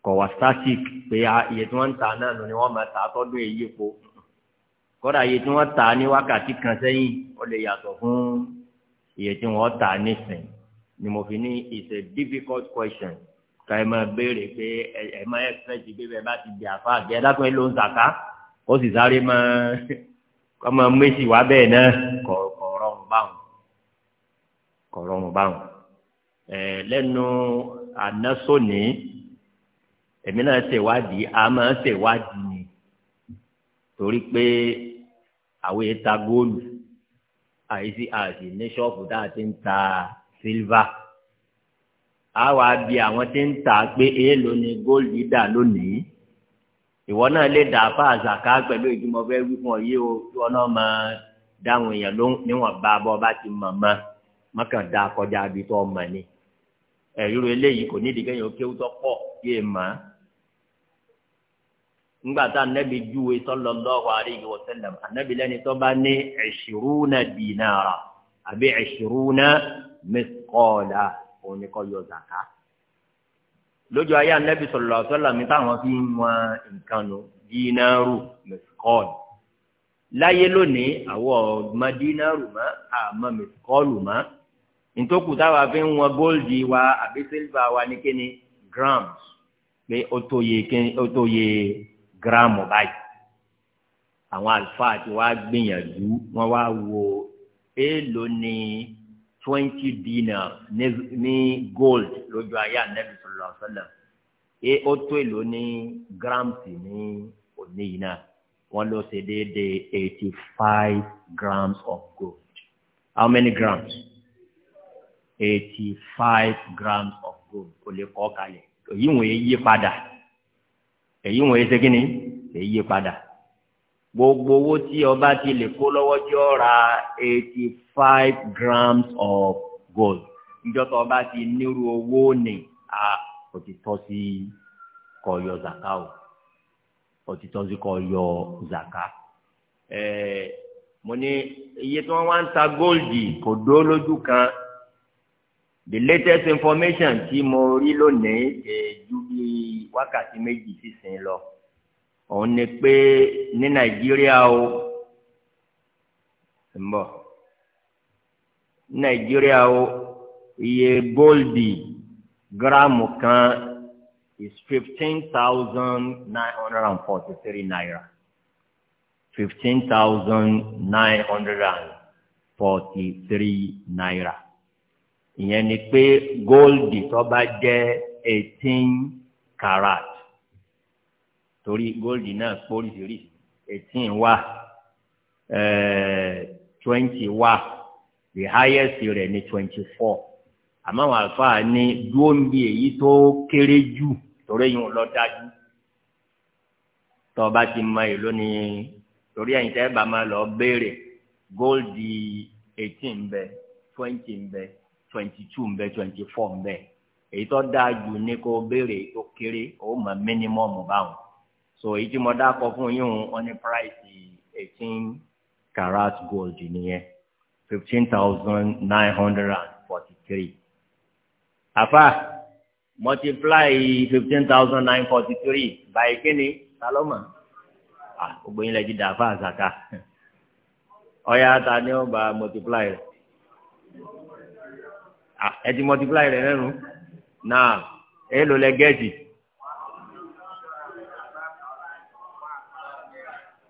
kọ̀ wá static pé iye tí wọ́n ń ta náà ni wọ́n máa ta tọ́dún èyí po kọ́dà iye tí wọ́n tà ní wákàtí kan sẹ́yìn ó lè yàtọ̀ fún iye tí wọ́n tà nísìn ni mo fi ní it's a difficult question ká ẹ máa béèrè pé ẹ máa expect pé bẹ́ẹ̀ bá ti di àfa àgbẹ̀ ẹ̀dákan ló ń zàká ó sì sáré máa kọ́ máa méjì wá bẹ́ẹ̀ náà kọ̀ kọ̀ rọrùn báwọn kọ̀ rọrùn báwọn lẹ́nu ànásóní èmi náà ṣèwádìí a máa ṣèwádìí ni torí pé àwọn yẹn ta góòlù àìsí àti ní ṣọ́ọ̀bù tá a ti ń ta sílvà a wá bí àwọn tí ń tà pé èèlò ni góòlù dà lónìí ìwọ náà lè dà fà àzàká pẹ̀lú ìdúmọ̀ fẹ́ wí fún ọ yé o kí ọ náà máa dáhùn èèyàn ló níwọ̀n bá bọ́ bá ti mọ̀ mọ́ mọ́kàn dá kọjá bí tó mọ̀ ni ẹ̀rú eléyìí kò nídìí kéèyàn kéwú tó pọ̀ yé mọ́ ngba tá anabi juwe sallallahu alayhi wa sallam anabi lẹni tó bá ní ẹṣirúna dínàrà àbí ẹṣirúna mẹsàkọọlà òní kọ yọ zaka lójú ayé anabi sallallahu alayhi wa sallam táwọn fi ń wọn nǹkan nù dínàrù mẹsàkọọlù láyé lónìí àwọn ọmọ dínàrù mọ àmọ́ mẹsàkọọlù mọ ntókù táwa fi ń wọn góòlì wa àbí sílvà wa ní kíni grams pé ó tó yẹ ó tó gíráàmù báyìí àwọn àlùfáà ti wá gbìyànjú wọn wá wo èèlò ní twenty dinar ní gold lójú ayé anabi sọlọ sọlọ e ó tó èèlò ní grams ní òní yìí náà wọn ló ṣe déédéé eighty five grams of gold how many grams eighty five grams of gold kò lè kọ́ kalẹ̀ èyí wọ́n yí padà èyí wọn yé ṣe kí ni èyí yé padà gbogbo owó tí ọba ti lè kó lọ́wọ́ jọ ra eighty five grams of gold níjọ́ tó ọba ti nírú owó ni a kò ti tọ́ sí kó yọ zaka o kò ti tọ́ sí kó yọ zaka ẹ̀ẹ́ mo ní iye tí wọ́n wá ń ta góòlì kò dó lójú kan the latest information tí mo rí lónìí èyí eh, wákàtí méjì sísìn lọ òun ni pé ní nàìjíríà o ń bọ̀ nàìjíríà o iye góòlì gíráàmù kan is fifteen thousand nine hundred and forty three naira fifteen thousand nine hundred and forty three naira ìyẹn ni pé góòlì tó bá jẹ́ eighteen karat torí góòlì náà póríṣiríṣi eighteen wà eh, twenty wà the highest rẹ̀ ní twenty four àmọ́ àwọn àlùfáà ní dúró ń bí èyí tó kéré jù torí yìí ń lọ dájú tọba ti mọ èlò ní torí ẹ̀yin tẹ́ bá máa lọ béèrè góòlì eighteen bẹ twenty bẹ twenty two bẹ twenty four bẹ èyí tó dáa jù ní kó béèrè tó kéré ó mọ mínímọ́ọ̀mù báwọn so èyí tí mo dákọ fún yín wọn ní price eighteen karat gold nìyẹn fifteen thousand nine hundred and forty three àfà multiply fifteen thousand nine forty three báyìí kíni salomon ah gbogbo yín lè ti dà fà àzàkà ọ̀yà ta ni ó bá multiply rẹ̀ ah ẹ ti multiply rẹ̀ lẹ́nu. náà elu lẹ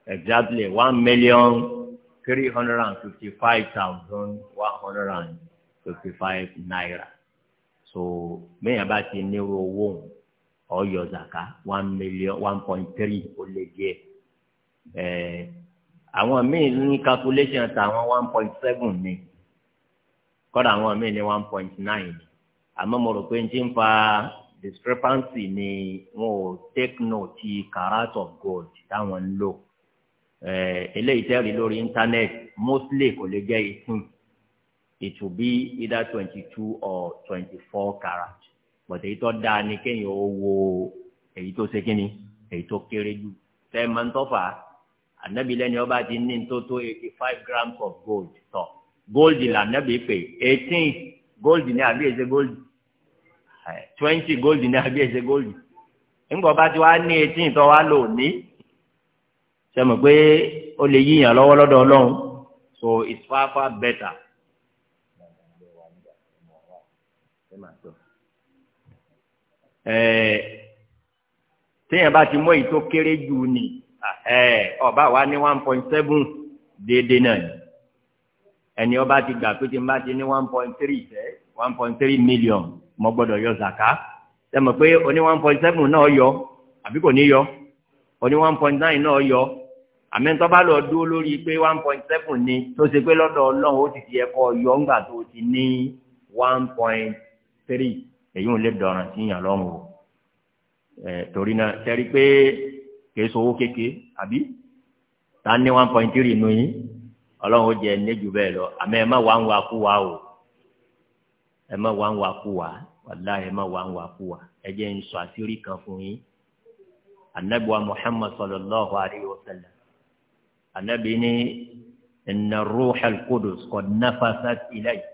exactly one million three hundred and fifty-five thousand one hundred and fifty-five naira so bẹ́ẹ̀ bá ti nírú owó ọ̀yọ́ zaka one million one point three ó lé díẹ̀ ẹ̀ẹ́ àwọn míì ní calculation tàwọn one point seven ni kọ́dà àwọn míì ní one point nine ni. àmọ́ mo rò pé n ti ń fa discrepancy ni wọn ò take note ti carat of gold táwọn ń lò eléyìí tẹ́rì lórí íńtánẹ́ẹ̀tì mostly kò lè jẹ́ eighteen it will be either twenty two or twenty four carat but èyí tó dáa ni kéèyàn ó wo èyí tó ṣe kínní èyí tó kéré jù tẹ́ máa ń tọ́fà ànábì lẹ́ni ọba ti ní tó tó eighty five grams of gold tọ̀ gold là ànábì pè eighteen gold ni àbí èsè gold twenty gold ní àbí ẹsẹ gold ńgbọ́ bá ti wá ní eighteen tó wá lò ní sẹ́mi pé ó lè yíyàn lọ́wọ́ lọ́dọ̀ ọlọ́run so it's far far better. téèyàn bá ti mú èyí tó kéré jù ní ọba wa ní one point seven déédéé náà ni ẹni ọba ti gbà pé tí n bá ti ní one point three one point three million mo gbọ́dọ̀ yọ zaka ẹ mọ̀ pé oní one point seven náà yọ àbí kò ní yọ oní one point nine náà yọ àmì tó bá lọ dúró lórí pé one point seven ni tó ṣe pé lọ́dọ̀ ọlọ́run ó ti di ẹ̀kọ́ yọ ńgbà tó ti ní one point three èyí ò lè dọ̀ràn sí yàn lọ́rùn o torí náà tẹ́rí pé kìí sowó kéke àbí ta ní one point three nù yín ọlọ́run ó jẹ ẹni jù bẹ́ẹ̀ lọ àmì ẹ̀ má wà ń wa kú wa o ẹ má wá ń wá kú wá wàlá ẹ má wá ń wá kú wá ẹ jẹ́ ń sọ àṣírí kan fún yín anabi wa muhammad sallallahu alayhi wa sallam anabi ni inna ruuxal kudus qad nafasat ilayhi.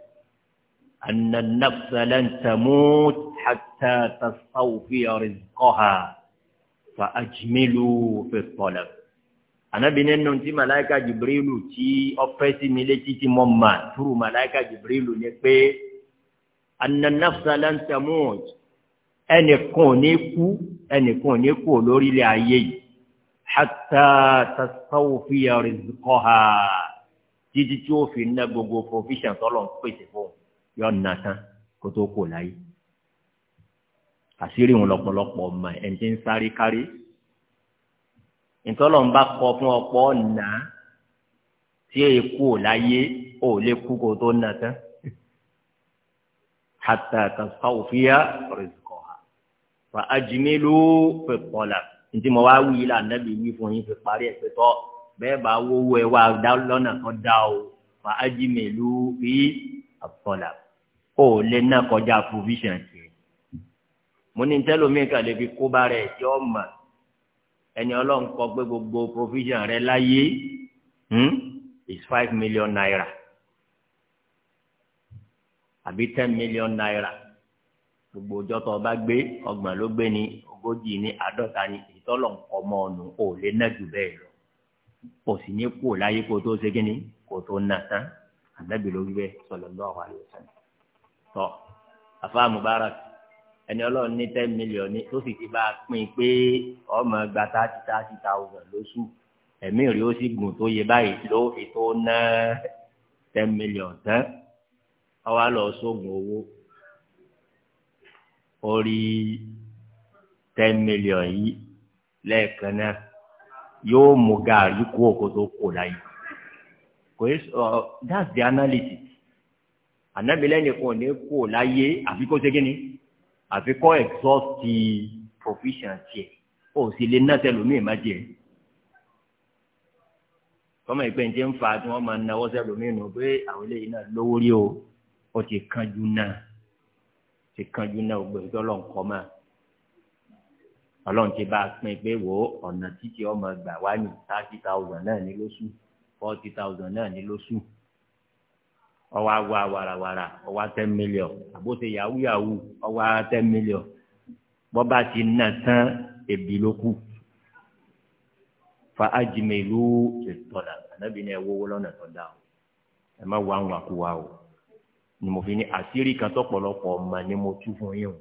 أن النفس لن تموت حتى تستوفي رزقها فأجملوا في الطلب أنا بنينو أنت ملائكة جبريل تي أفسي ملتي تي مما ترو ملائكة جبريل نكبي ananafsa lantamut ẹnìkan ò ní kú ẹnìkan ò ní kú lórílẹ̀ ayé yìí hatta tasawufiya rizqaha títí tí ó fi ná gbogbo provision tọ́lọ̀ ń pèsè fún yọ nà tán kó tó kò láyé àṣírí wọn lọ́pọ̀lọpọ̀ ọmọ ẹ̀ ń ti ń sáré kárí ìtọ́lọ̀ ń bá kọ fún ọ̀pọ̀ ọ̀nà tí èkó láyé ò lè kú kó tó nà hatta tastawfiya rizqaha fa ajmilu fi talab ntí mo wá wí ilé ànábì yìí fún yín fi parí ẹ̀ pé tọ́ bẹ́ẹ̀ bá wówó ẹ wá lọ́nà kan dá o fa ajmilu fi talab ó lè ná kọjá provision tiẹ̀ mo ní tẹlomi kan lè fi kó ba rẹ tí ó mà ẹni ọlọ́run kọ pé gbogbo provision rẹ láyé is five million naira àbí ten million naira gbogbo ọjọ́ tó o bá gbé ọgbọ̀n ló gbé ni ogójì ní àádọ́ta ni ìtọ́lọ̀ nǹkan mọ́ ọ̀nù ò lè ná jù bẹ́ẹ̀ lọ kò sì ní kú láyé kó tó ṣe kíni kó tó nà tán ànábì ló gbé sallallahu alaihi wasallam tọ àfa mubarak ẹni ọlọ́run ní ten million ní tó sì ti bá a pín in pé ọmọ gba thirty thirty thousand lóṣù ẹ̀mí rí ó sì gùn tó yẹ báyìí ló fi ná ten million tán àwa lọ sóògùn owó orí ten million yìí lẹ́ẹ̀kan náà yóò mú gaari kú òkòtò kò láyé kò é sọ that's the analysis ànábìlẹ́ni kan ní kò láyé àfi kó ṣe kíni àfi kó exhaust ti provision tiẹ̀ ó sì lè ná tẹlómìn má jẹ́ kọ́mọ ìpè ní ti ń fa tí wọ́n máa ń nawọ́ sẹ́lómìn nù pé àwọn eléyìí náà lówó rí o ó ti kanjú náà ti kanjú náà gbé ọlọ́run kọ́ máa ọlọ́run ti bá a pín pé wò ó ọ̀nà títí ọmọ gbà wá ní thirty thousand náà ní lóṣù forty thousand náà ní lóṣù ọwọ́ awa warawara ọwọ́ ten million àbóṣe yahoo yahoo ọwọ́ ten million bọ́ba ti nà tán èbí ló kù fa ajimilu ṣètọ́lá ànábìínà ẹ̀ wọ́wọ́ lọ́nà tó dá ẹ má wá àwọn àkúwà o ni mo fi ní àṣírí kan tọ̀pọ̀lọpọ̀ ọmọ ni mo tú fún yín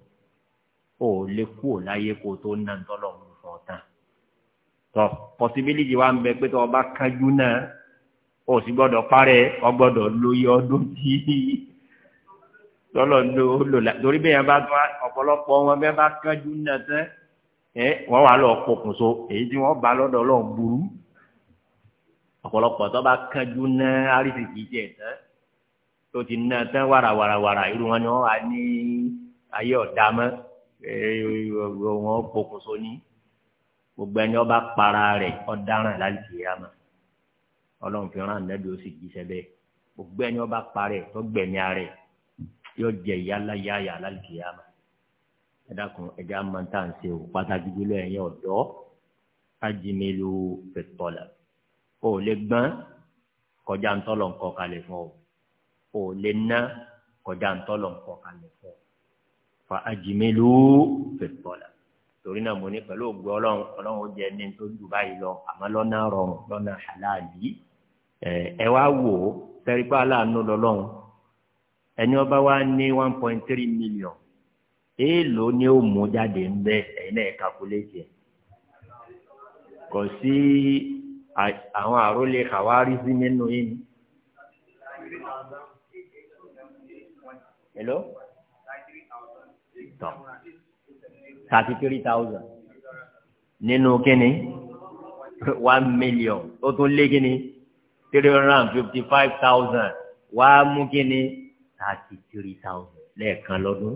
o ò lè kú ò láyé kó tó ná ntọ́lọ̀ ń fọ́ tán tọ pọsibiliti wa ń bẹ pé tọ ọba kájú náà ó sì gbọ́dọ̀ parẹ́ ọ gbọ́dọ̀ lóye ọdún tí tọlọ ló lò la torí bẹ́ẹ̀ bá tún ọ̀pọ̀lọpọ̀ wọn bẹ́ẹ̀ bá kájú náà tẹ́ ẹ wọ́n wà lọ pokùnso èyí tí wọ́n bá lọ́dọ̀ lọ́n burú ọ̀pọ̀lọpọ̀ tọ́ bá kájú náà àrísìkì jẹ̀ tán tó ti ná tán wàràwàràwàrà irú wọn ni wọn wà ní ayé ọ̀dà mọ́ wọn pokùnso ní gbogbo ẹni ọba para rẹ̀ ọ̀daràn láti ṣe ya ma ọlọ́run fi ràn nẹ́bí ó sì jíṣẹ́ bẹ́ẹ̀ gbogbo ẹni ọba para rẹ̀ tó gbẹ̀mí ara rẹ̀ yóò jẹ ìyálà yáyà láti ṣe ya ma ẹ dákun ẹ já máa ń tà ń ṣe o pàtàkì jùlọ ẹ̀yin ọ̀dọ́ ajínigbé fẹ̀tọ́là ò lè gbọ́n kọjá ń tọ́lọ̀ ń kọ́ kalẹ̀ fún ọ ò lè ná kọjá ntọ́lọ̀ nǹkan kalẹ̀ fọ́ fa ajimelu fìtọ́lá torí náà mo ní pẹ̀lú ògbó ọlọ́run ọlọ́run ó jẹ ní tó ju báyìí lọ àmọ́ lọ́nà rọrùn lọ́nà halali ẹ wá wò ó fẹ́rígbá aláàánú lọ́lọ́run ẹni ọba wa ní one point three million èèlò ni ó mú jáde ń bẹ ẹ̀yin náà kakuléètì ẹ̀ kò sí àwọn àrólé kàwárí sí nínú yìí hello tán thirty three thousand nínú kíni one million ó tún lé kíni three hundred and fifty five thousand wá mú kíni thirty three thousand lẹ́ẹ̀kan lọ́dún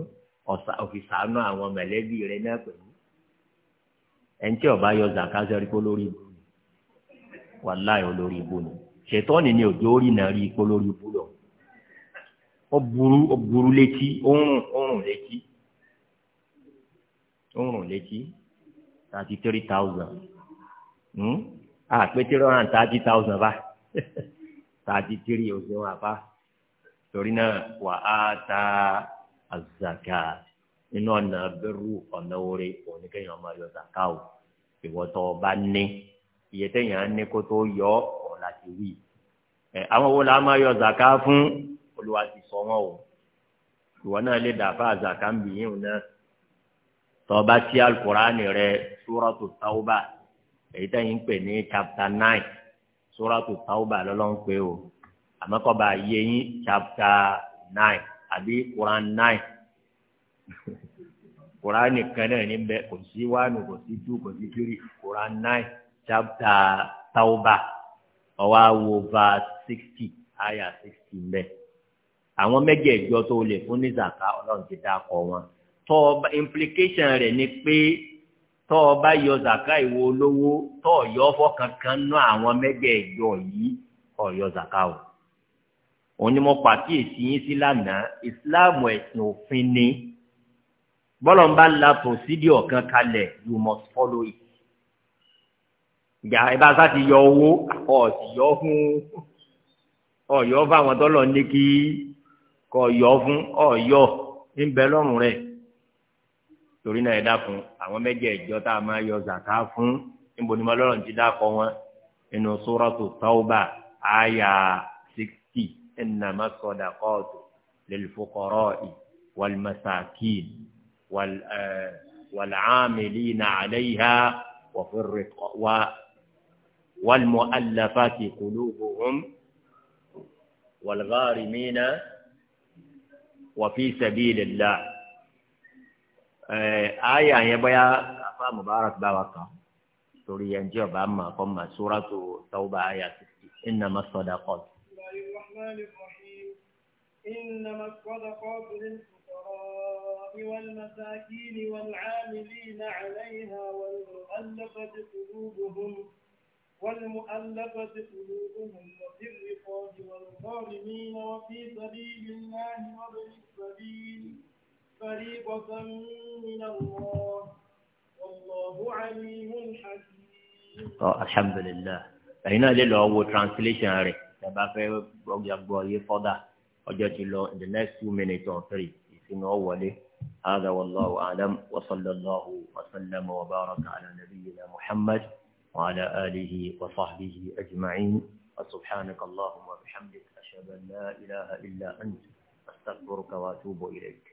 ọ̀sà òfìsàánú àwọn mẹ̀lẹ́bí rẹ̀ náà pẹ̀lú ẹni tí ọba yọ zakazọ rí kó lórí ibu ni wàláyọ lórí ibu ni ṣètọ́ni ni òjò rí náà rí kó lórí ibu lọ́wọ́ ó burú ó burú létí ó ń rùn ó ń rùn létí ó ń rùn létí thirty three thousand àpé hmm? three hundred and thirty thousand bá thirty three oṣù wọn àbá torí náà wà á ta àzàkà nínú ọ̀nà bẹ́rù ọ̀nà orí òní kéèyàn máa yọ zàkà o ìwọ́tọ̀ ọba ní iye téèyàn á ní kó tó yọ ọ̀ láti wí. àwọn wo la máa yọ zàkà fún olúwa ti sọ wọn o ìwọ náà lè dà fún àzàkà ń bìyìn o náà tọba tí alukurani rẹ suratu tauba èyí tẹ́yìn ń pè ní chapter nine suratu tauba lọ́lọ́run pé o àmọ́kọ́ba yẹ̀yìn chapter nine àbí quran nine quran kan náà níbẹ̀ kò sí wánu kò sí tú kò sí tírí quran nine chapter tauba ọwọ́ awo verse sixty aya sixty mbẹ́ àwọn mẹ́jẹ̀ẹ̀jọ tó lè fún ní zaka ọlọ́run ti dá kọ wọn tọ́ ọba implication rẹ̀ ni pé tọ́ ọba yọ zaka ìwo olówó tọ́ ọ̀yọ́ fọkànkan ná àwọn mẹ́jẹ̀ẹ̀jọ yìí ọ̀yọ́ zaka o òun ni mo pàkíyèsí yín sí lánàá ìsìláàmù ẹ̀sìn òfin ni bọ́lọ̀ ń bá la procedure kan kalẹ̀ you must follow it ìgbà ìbá sá ti yọ owó ọ̀ sì yọ fún ọ̀yọ́ fáwọn tọ́lọ̀ ní kí kọ yọ fún ọyọ ńbẹ lọ́rùn rẹ̀ torí náà ẹ dákun àwọn mẹ́jẹ̀ẹ̀jọ tá a máa yọ zàká fún níbo ni mọlọrọ ti dákọ wọn inú suratu Tauba àyà sixty innama sadaqatu lil fuqara'i wal masakin wal wal 'amilina 'alayha wa fir riqa wa wal mu'allafati qulubuhum wal gharimina. وفي سبيل الله آه، آية yẹn bóyá مبارك بابك bá wa kàn torí yẹn jẹ́ ọba àmà kọ́ mà sóràtò tawba àyà إنما إنما الصدقات للفقراء والمساكين والعاملين عليها والمؤلفة قلوبهم والمؤلفة قلوبهم وفي الرقاب والغارمين وفي سبيل الله وابن السبيل فريضة من الله والله عليم حكيم الحمد لله ẹ̀yin náà lè lọ wo translation rẹ̀ tẹ́ bá fẹ́ gbọ́ yé fọ́dà ọjọ́ ti lọ in the next two minutes or three ìsinmi ọ̀ wọlé هذا والله أعلم وصلى الله وسلم وبارك على نبينا محمد وعلى آله وصحبه أجمعين وسبحانك اللهم وبحمدك أشهد أن لا إله إلا أنت أستغفرك وأتوب إليك